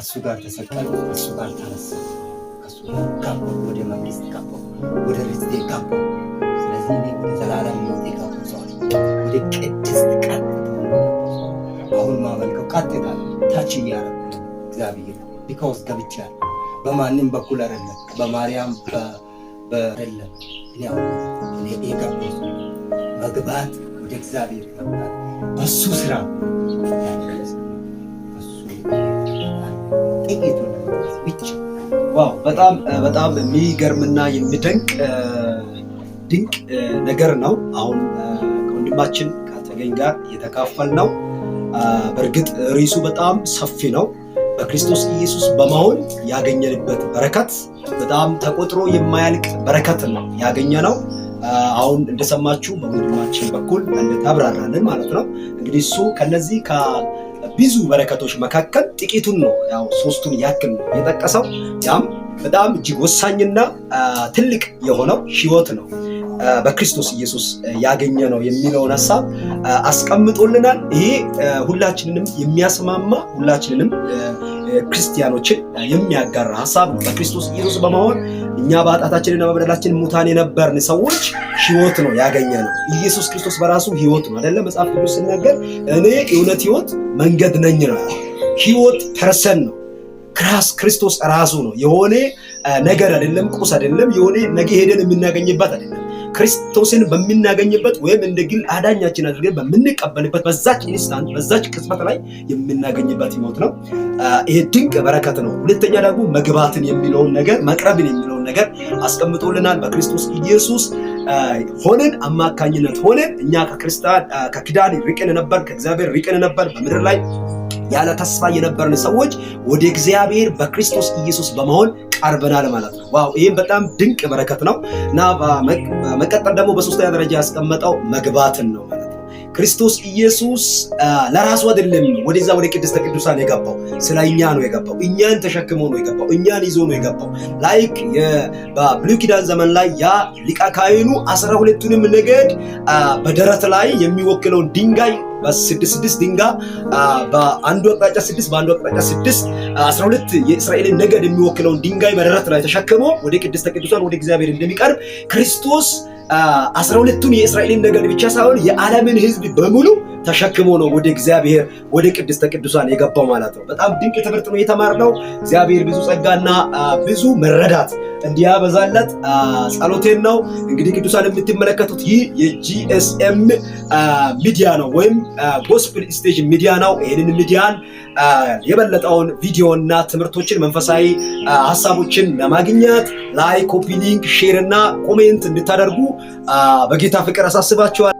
ከእሱ ጋር ተሰቀል፣ ከእሱ ጋር ተነሳ፣ ከእሱ ጋር ጋቦ ወደ መንግስት ጋቦ ወደ ርስቴ ጋቦ። ስለዚህ እኔ ወደ ዘላለም ሞቴ ጋባ ሰዋል፣ ወደ ቅድስት ቃል አሁን ማመልከው ቀጥታ ታች እያረኩት እግዚአብሔር ቢካውስ ገብቻል። በማንም በኩል አይደለም፣ በማርያም በደለም እኔ የገባሁት መግባት ወደ እግዚአብሔር መግባት በሱ ስራ ዋው! በጣም በጣም የሚገርምና የሚደንቅ ድንቅ ነገር ነው። አሁን ከወንድማችን ከተገኝ ጋር እየተካፈል ነው። በእርግጥ ርዕሱ በጣም ሰፊ ነው። በክርስቶስ ኢየሱስ በመሆን ያገኘንበት በረከት በጣም ተቆጥሮ የማያልቅ በረከት ነው ያገኘ ነው። አሁን እንደሰማችሁ በወንድማችን በኩል ያብራራልን ማለት ነው። እንግዲህ እሱ ከነዚህ ብዙ በረከቶች መካከል ጥቂቱን ነው ያው ሶስቱን ያክል ነው የጠቀሰው። ያም በጣም እጅግ ወሳኝና ትልቅ የሆነው ሕይወት ነው በክርስቶስ ኢየሱስ ያገኘ ነው የሚለውን ሀሳብ አስቀምጦልናል። ይሄ ሁላችንንም የሚያስማማ ሁላችንንም ክርስቲያኖችን የሚያጋራ ሀሳብ ነው። በክርስቶስ ኢየሱስ በመሆን እኛ በኃጢአታችንና በበደላችን ሙታን የነበርን ሰዎች ህይወት ነው ያገኘ ነው። ኢየሱስ ክርስቶስ በራሱ ህይወት ነው አይደለም? መጽሐፍ ቅዱስ ሲናገር እኔ የእውነት ህይወት መንገድ ነኝ ነው። ህይወት ፐርሰን ነው። ክራስ ክርስቶስ ራሱ ነው። የሆነ ነገር አይደለም፣ ቁስ አይደለም፣ የሆነ ነገ ሄደን የምናገኝበት አይደለም። ክርስቶስን በምናገኝበት ወይም እንደ ግል አዳኛችን አድርገን በምንቀበልበት በዛች ኢንስታንት በዛች ቅጽበት ላይ የምናገኝበት ሞት ነው። ይሄ ድንቅ በረከት ነው። ሁለተኛ ደግሞ መግባትን የሚለውን ነገር መቅረብን የሚለውን ነገር አስቀምጦልናል በክርስቶስ ኢየሱስ ሆነን አማካኝነት ሆነን እኛ ከክርስቲያን ከኪዳን ርቅን ነበር፣ ከእግዚአብሔር ሪቅን ነበር በምድር ላይ ያለ ተስፋ የነበርን ሰዎች ወደ እግዚአብሔር በክርስቶስ ኢየሱስ በመሆን ቀርበናል ማለት ነው። ዋው! ይህም በጣም ድንቅ በረከት ነው እና መቀጠል ደግሞ በሶስተኛ ደረጃ ያስቀመጠው መግባትን ነው። ክርስቶስ ኢየሱስ ለራሱ አይደለም ወደዛ ወደ ቅድስተ ቅዱሳን የገባው፣ ስለ እኛ ነው የገባው። እኛን ተሸክሞ ነው የገባው። እኛን ይዞ ነው የገባው። ላይክ በብሉይ ኪዳን ዘመን ላይ ያ ሊቀ ካህኑ አስራ ሁለቱንም ነገድ በደረት ላይ የሚወክለውን ድንጋይ በስድስት ስድስት ድንጋይ በአንዱ አቅጣጫ ስድስት በአንዱ አቅጣጫ ስድስት አስራ ሁለት የእስራኤልን ነገድ የሚወክለውን ድንጋይ በደረት ላይ ተሸክሞ ወደ ቅድስተ ቅዱሳን ወደ እግዚአብሔር እንደሚቀርብ ክርስቶስ አስራ ሁለቱን የእስራኤልን ነገድ ብቻ ሳይሆን የዓለምን ሕዝብ በሙሉ ተሸክሞ ነው ወደ እግዚአብሔር ወደ ቅድስተ ቅዱሳን የገባው ማለት ነው። በጣም ድንቅ ትምህርት ነው የተማርነው። እግዚአብሔር ብዙ ጸጋና ብዙ መረዳት እንዲያበዛለት ጸሎቴን ነው። እንግዲህ ቅዱሳን የምትመለከቱት ይህ የጂኤስኤም ሚዲያ ነው ወይም ጎስፕል ስቴጅ ሚዲያ ነው። ይህንን ሚዲያን የበለጠውን ቪዲዮና ትምህርቶችን መንፈሳዊ ሀሳቦችን ለማግኘት ላይክ ኮፒ ሊንክ፣ ሼር እና ኮሜንት እንድታደርጉ በጌታ ፍቅር አሳስባችኋል።